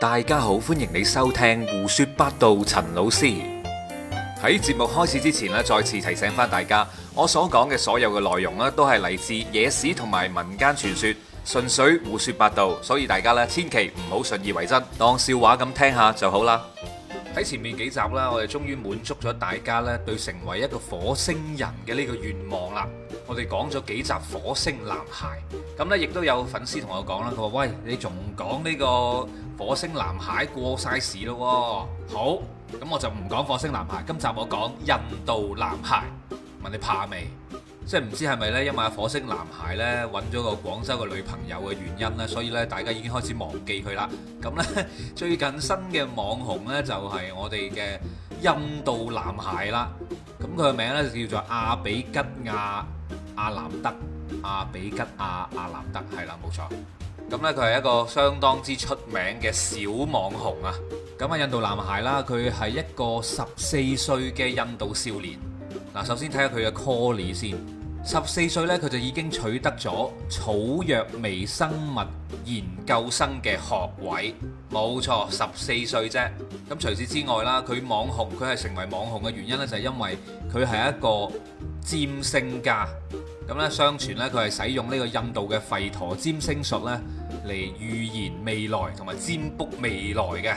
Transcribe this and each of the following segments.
大家好，歡迎你收聽胡說八道。陳老師喺節目開始之前咧，再次提醒翻大家，我所講嘅所有嘅內容咧，都係嚟自野史同埋民間傳說，純粹胡說八道，所以大家咧千祈唔好信以為真，當笑話咁聽下就好啦。喺前面幾集啦，我哋終於滿足咗大家咧對成為一個火星人嘅呢個願望啦。我哋講咗幾集火星男孩，咁咧亦都有粉絲同我講啦，佢話喂，你仲講呢個？火星男孩過晒時咯喎，好，咁我就唔講火星男孩，今集我講印度男孩。問你怕未？即係唔知係咪呢？因為火星男孩呢，揾咗個廣州嘅女朋友嘅原因呢，所以呢，大家已經開始忘記佢啦。咁呢，最近新嘅網紅呢，就係我哋嘅印度男孩啦。咁佢個名呢，就叫做阿比吉亞阿南德，阿比吉亞阿，阿南德，係啦，冇錯。咁呢，佢係一個相當之出名嘅小網紅啊！咁、嗯、啊，印度男孩啦，佢係一個十四歲嘅印度少年。嗱，首先睇下佢嘅 c a l l 先。十四歲呢，佢就已經取得咗草藥微生物研究生嘅學位。冇錯，十四歲啫。咁、嗯、除此之外啦，佢網紅，佢係成為網紅嘅原因呢，就係因為佢係一個占星家。咁咧，相傳咧，佢係使用呢個印度嘅吠陀占星術咧，嚟預言未來同埋占卜未來嘅。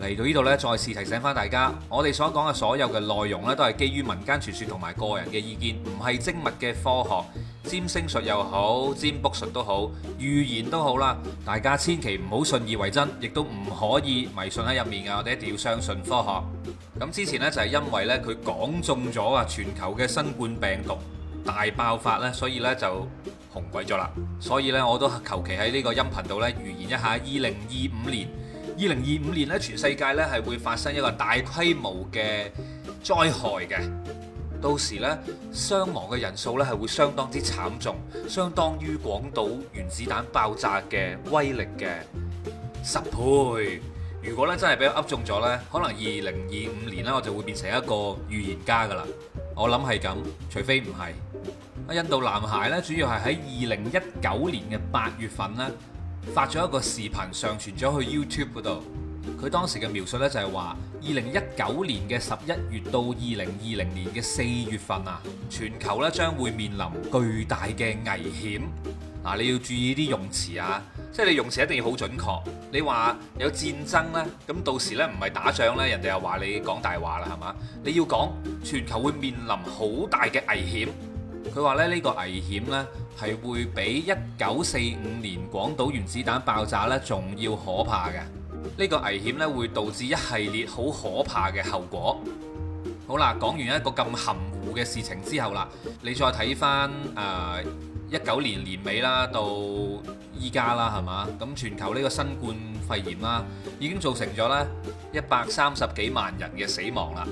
嚟到呢度咧，再次提醒翻大家，我哋所講嘅所有嘅內容咧，都係基於民間傳說同埋個人嘅意見，唔係精密嘅科學。占星術又好，占卜術都好，預言都好啦，大家千祈唔好信以為真，亦都唔可以迷信喺入面嘅。我哋一定要相信科學。咁之前咧，就係因為咧，佢講中咗啊，全球嘅新冠病毒。大爆發呢，所以呢就紅鬼咗啦。所以呢，我都求其喺呢個音頻度呢預言一下，二零二五年，二零二五年呢，全世界呢係會發生一個大規模嘅災害嘅。到時呢，傷亡嘅人數呢係會相當之慘重，相當於廣島原子彈爆炸嘅威力嘅十倍。如果呢真係俾我噏中咗呢，可能二零二五年呢，我就會變成一個預言家噶啦。我諗係咁，除非唔係。印度男孩咧，主要係喺二零一九年嘅八月份咧，發咗一個視頻，上傳咗去 YouTube 嗰度。佢當時嘅描述咧就係話，二零一九年嘅十一月到二零二零年嘅四月份啊，全球咧將會面臨巨大嘅危險。嗱，你要注意啲用詞啊，即係你用詞一定要好準確。你話有戰爭呢，咁到時呢唔係打仗呢，人哋又話你講大話啦，係嘛？你要講全球會面臨好大嘅危險。佢話咧，呢個危險呢係會比一九四五年廣島原子彈爆炸呢仲要可怕嘅。呢個危險呢會導致一系列好可怕嘅後果。好啦，講完一個咁含糊嘅事情之後啦，你再睇翻誒。呃一九年年尾啦，到依家啦，係嘛？咁全球呢個新冠肺炎啦，已經造成咗呢一百三十幾萬人嘅死亡啦。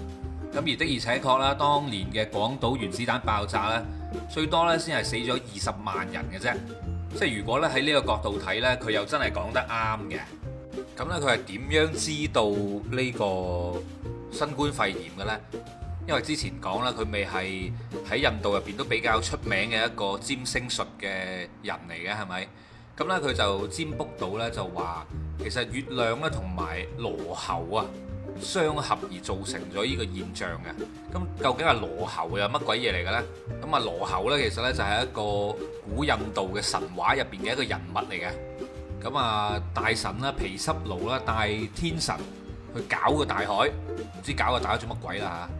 咁而的而且確啦，當年嘅廣島原子彈爆炸呢，最多呢先係死咗二十萬人嘅啫。即係如果咧喺呢個角度睇呢，佢又真係講得啱嘅。咁呢，佢係點樣知道呢個新冠肺炎嘅呢？因為之前講啦，佢未係喺印度入邊都比較出名嘅一個占星術嘅人嚟嘅，係咪咁咧？佢就占卜到咧，就話其實月亮咧同埋羅喉啊相合而造成咗呢個現象嘅。咁究竟係羅喉又係乜鬼嘢嚟嘅咧？咁啊，羅喉咧其實咧就係一個古印度嘅神話入邊嘅一個人物嚟嘅。咁啊，大神啦皮濕奴啦帶天神去搞個大海，唔知搞個大海做乜鬼啦嚇。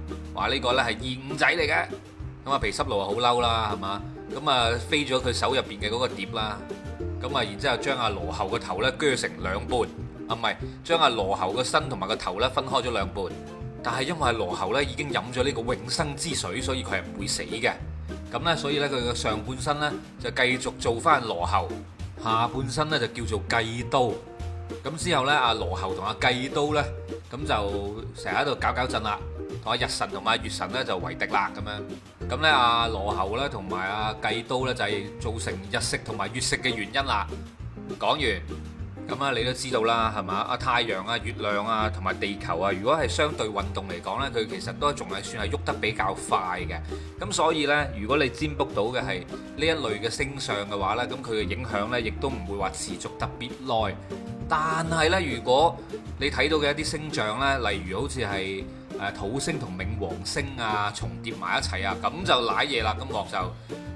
話呢個呢係二五仔嚟嘅，咁啊毗濕奴啊好嬲啦，係嘛？咁啊飛咗佢手入邊嘅嗰個碟啦，咁啊然之後將阿羅睺個頭呢鋸成兩半，啊唔係將阿羅睺個身同埋個頭呢分開咗兩半。但係因為阿羅睺呢已經飲咗呢個永生之水，所以佢係唔會死嘅。咁呢，所以呢佢嘅上半身呢就繼續做翻羅睺，下半身呢就叫做計都。咁之後呢，阿羅睺同阿計都呢咁就成日喺度搞搞震啦。話日神同埋月神咧就為敵啦咁樣，咁咧阿羅睺咧同埋阿計都咧就係造成日食同埋月食嘅原因啦。講完，咁啊你都知道啦，係嘛？阿太陽啊、月亮啊同埋地球啊，如果係相對運動嚟講咧，佢其實都仲係算係喐得比較快嘅。咁所以咧，如果你占卜到嘅係呢一類嘅星象嘅話咧，咁佢嘅影響咧亦都唔會話持續特別耐。但係咧，如果你睇到嘅一啲星象咧，例如好似係，啊、土星同冥王星啊重疊埋一齊啊，咁就瀨嘢啦。咁我就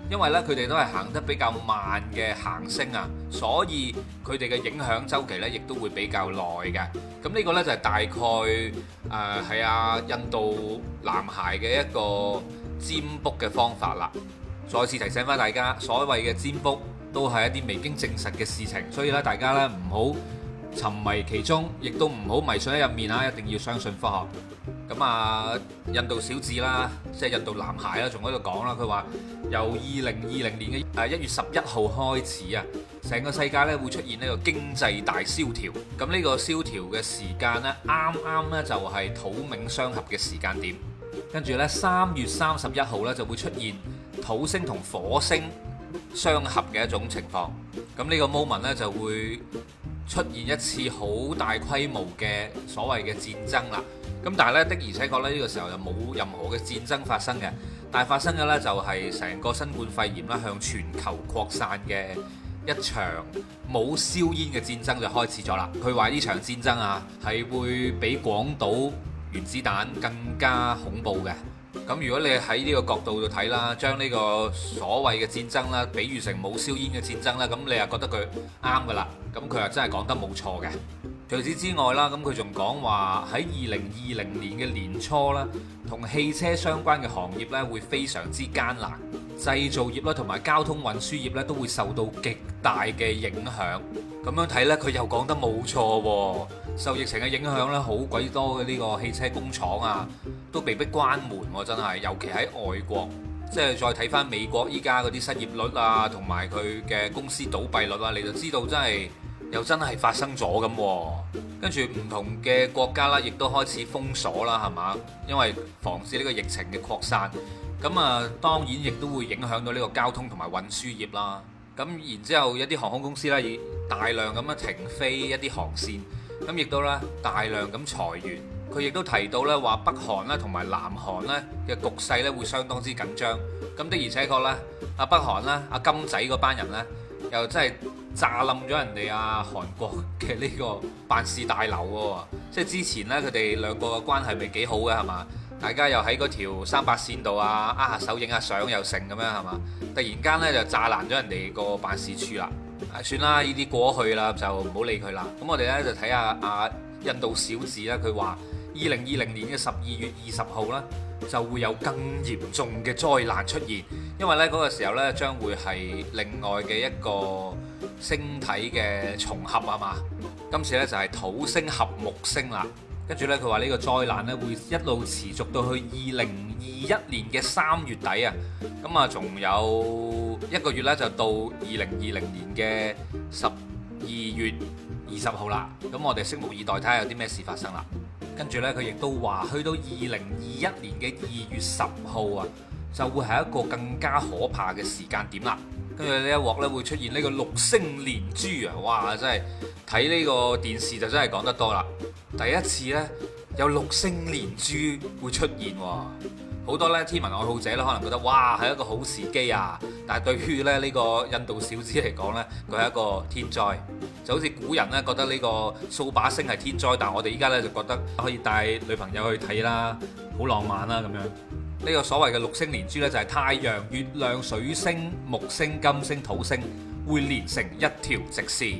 因為呢，佢哋都係行得比較慢嘅行星啊，所以佢哋嘅影響周期呢亦都會比較耐嘅。咁呢個呢，就係、是、大概誒係、呃、啊，印度男孩嘅一個占卜嘅方法啦。再次提醒返大家，所謂嘅占卜都係一啲未經證實嘅事情，所以呢大家呢唔好沉迷其中，亦都唔好迷信喺入面啊！一定要相信科學。咁啊，印度小子啦，即係印度男孩啦，仲喺度講啦。佢話由二零二零年嘅誒一月十一號開始啊，成個世界咧會出現呢個經濟大蕭條。咁呢個蕭條嘅時間咧，啱啱咧就係土冥相合嘅時間點。跟住咧，三月三十一號咧就會出現土星同火星相合嘅一種情況。咁呢個 moment 咧就會出現一次好大規模嘅所謂嘅戰爭啦。咁但係呢的，而且確咧呢個時候又冇任何嘅戰爭發生嘅，但係發生嘅呢，就係成個新冠肺炎啦向全球擴散嘅一場冇硝煙嘅戰爭就開始咗啦。佢話呢場戰爭啊係會比廣島原子彈更加恐怖嘅。咁如果你喺呢個角度度睇啦，將呢個所謂嘅戰爭啦比喻成冇硝煙嘅戰爭啦，咁你又覺得佢啱㗎啦？咁佢又真係講得冇錯嘅。除此之外啦，咁佢仲講話喺二零二零年嘅年初啦，同汽車相關嘅行業呢會非常之艱難，製造業啦同埋交通運輸業呢都會受到極大嘅影響。咁樣睇呢，佢又講得冇錯喎，受疫情嘅影響呢，好鬼多嘅呢個汽車工廠啊，都被逼關門喎，真係。尤其喺外國，即係再睇翻美國依家嗰啲失業率啊，同埋佢嘅公司倒閉率啊，你就知道真係。又真係發生咗咁，跟住唔同嘅國家啦，亦都開始封鎖啦，係嘛？因為防止呢個疫情嘅擴散，咁啊當然亦都會影響到呢個交通同埋運輸業啦。咁然之後一啲航空公司咧，以大量咁樣停飛一啲航線，咁亦都咧大量咁裁員。佢亦都提到咧話，北韓咧同埋南韓咧嘅局勢咧會相當之緊張。咁的而且確咧，阿北韓咧，阿金仔嗰班人咧，又真係。炸冧咗人哋啊！韓國嘅呢個辦事大樓喎、啊，即係之前呢，佢哋兩個嘅關係咪幾好嘅係嘛？大家又喺嗰條三八線度啊，握、啊、下手影下相又成咁樣係嘛？突然間呢，就炸爛咗人哋個辦事處啦、啊。算啦，呢啲過去啦，就唔好理佢啦。咁我哋呢，就睇下啊，印度小子呢。佢話二零二零年嘅十二月二十號呢，就會有更嚴重嘅災難出現，因為呢嗰、嗰個時候呢，將會係另外嘅一個星體嘅重合吖嘛？今次呢就係土星合木星啦，跟住呢，佢話呢個災難呢會一路持續到去二零二一年嘅三月底啊，咁啊仲有一個月呢，就到二零二零年嘅十二月二十號啦，咁我哋拭目以待睇下有啲咩事發生啦。跟住呢，佢亦都話去到二零二一年嘅二月十號啊。就會係一個更加可怕嘅時間點啦。跟住呢一鑊呢，會出現呢個六星連珠啊！哇，真係睇呢個電視就真係講得多啦。第一次呢，有六星連珠會出現喎，好多呢天文愛好者呢，可能覺得哇係一個好時機啊。但係對於呢呢個印度小子嚟講呢，佢係一個天災。就好似古人呢覺得呢個掃把星係天災，但係我哋依家呢，就覺得可以帶女朋友去睇啦，好浪漫啦、啊、咁樣。呢個所謂嘅六星連珠呢就係太陽、月亮、水星、木星、金星、土星會連成一條直線，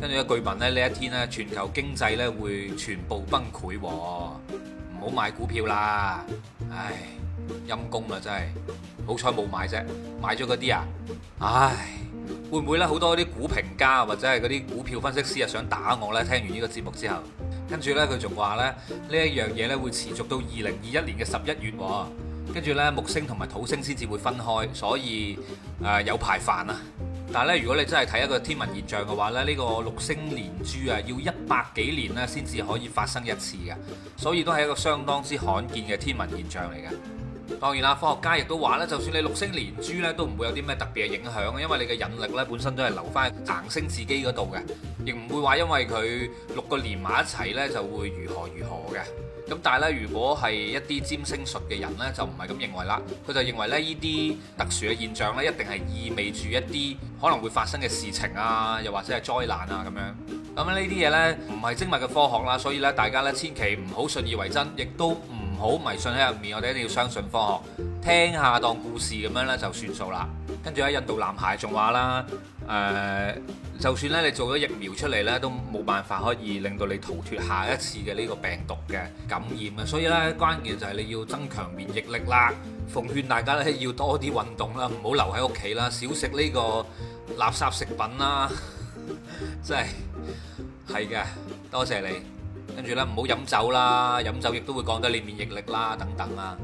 跟住據聞咧，呢一天呢，全球經濟呢會全部崩潰，唔好買股票啦！唉，陰公喇，真係，好彩冇買啫，買咗嗰啲啊，唉，會唔會呢？好多啲股評家或者係嗰啲股票分析師啊想打我呢？聽完呢個節目之後，跟住呢，佢仲話呢，呢一樣嘢呢會持續到二零二一年嘅十一月喎。跟住呢，木星同埋土星先至會分開，所以誒、呃、有排煩啊。但係咧，如果你真係睇一個天文現象嘅話咧，呢、這個六星連珠啊，要一百幾年咧先至可以發生一次嘅，所以都係一個相當之罕見嘅天文現象嚟嘅。當然啦，科學家亦都話呢，就算你六星連珠呢，都唔會有啲咩特別嘅影響，因為你嘅引力呢，本身都係留翻喺行星自己嗰度嘅，亦唔會話因為佢六個連埋一齊呢，就會如何如何嘅。咁但係咧，如果係一啲占星術嘅人呢，就唔係咁認為啦。佢就認為咧，呢啲特殊嘅現象呢，一定係意味住一啲可能會發生嘅事情啊，又或者係災難啊咁樣。咁呢啲嘢呢，唔係精密嘅科學啦，所以呢，大家呢，千祈唔好信以為真，亦都唔好迷信喺入面。我哋一定要相信科學，聽下當故事咁樣呢，就算數啦。跟住喺印度男孩仲話啦，誒、呃。就算咧，你做咗疫苗出嚟咧，都冇辦法可以令到你逃脫下一次嘅呢個病毒嘅感染啊！所以咧，關鍵就係你要增強免疫力啦。奉勸大家咧，要多啲運動啦，唔好留喺屋企啦，少食呢個垃圾食品啦， 真係係嘅。多謝你，跟住咧唔好飲酒啦，飲酒亦都會降低你免疫力啦，等等啊！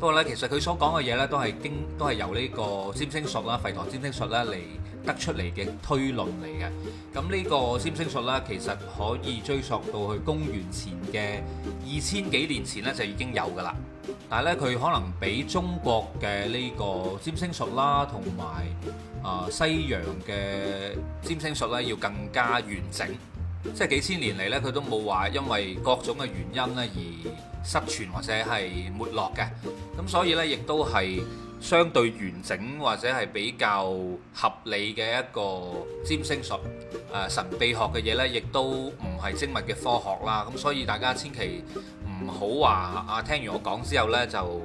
不過咧，其實佢所講嘅嘢咧，都係經都係由呢個占星術啦、吠陀占星術咧嚟得出嚟嘅推論嚟嘅。咁、這、呢個占星術啦，其實可以追溯到去公元前嘅二千幾年前咧，就已經有噶啦。但係咧，佢可能比中國嘅呢個占星術啦，同埋啊西洋嘅占星術咧，要更加完整。即係幾千年嚟呢佢都冇話因為各種嘅原因呢而失傳或者係沒落嘅，咁所以呢，亦都係相對完整或者係比較合理嘅一個占星術誒、呃、神秘學嘅嘢呢，亦都唔係精密嘅科學啦。咁所以大家千祈唔好話啊，聽完我講之後呢，就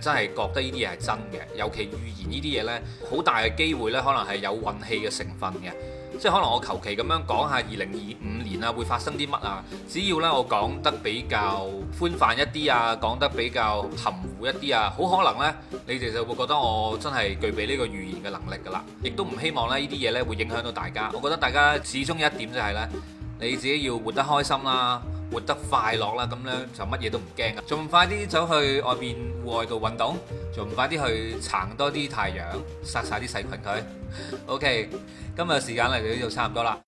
真係覺得呢啲嘢係真嘅，尤其預言呢啲嘢呢，好大嘅機會呢，可能係有運氣嘅成分嘅。即係可能我求其咁樣講下二零二五年啊，會發生啲乜啊？只要咧我講得比較寬泛一啲啊，講得比較含糊一啲啊，好可能呢，你哋就會覺得我真係具備呢個預言嘅能力㗎啦。亦都唔希望咧呢啲嘢呢會影響到大家。我覺得大家始終一點就係呢：你自己要活得開心啦。活得快樂啦，咁呢就乜嘢都唔驚呀，仲快啲走去外邊戶外度運動，仲快啲去撐多啲太陽，殺晒啲細菌佢。OK，今日時間嚟到就差唔多啦。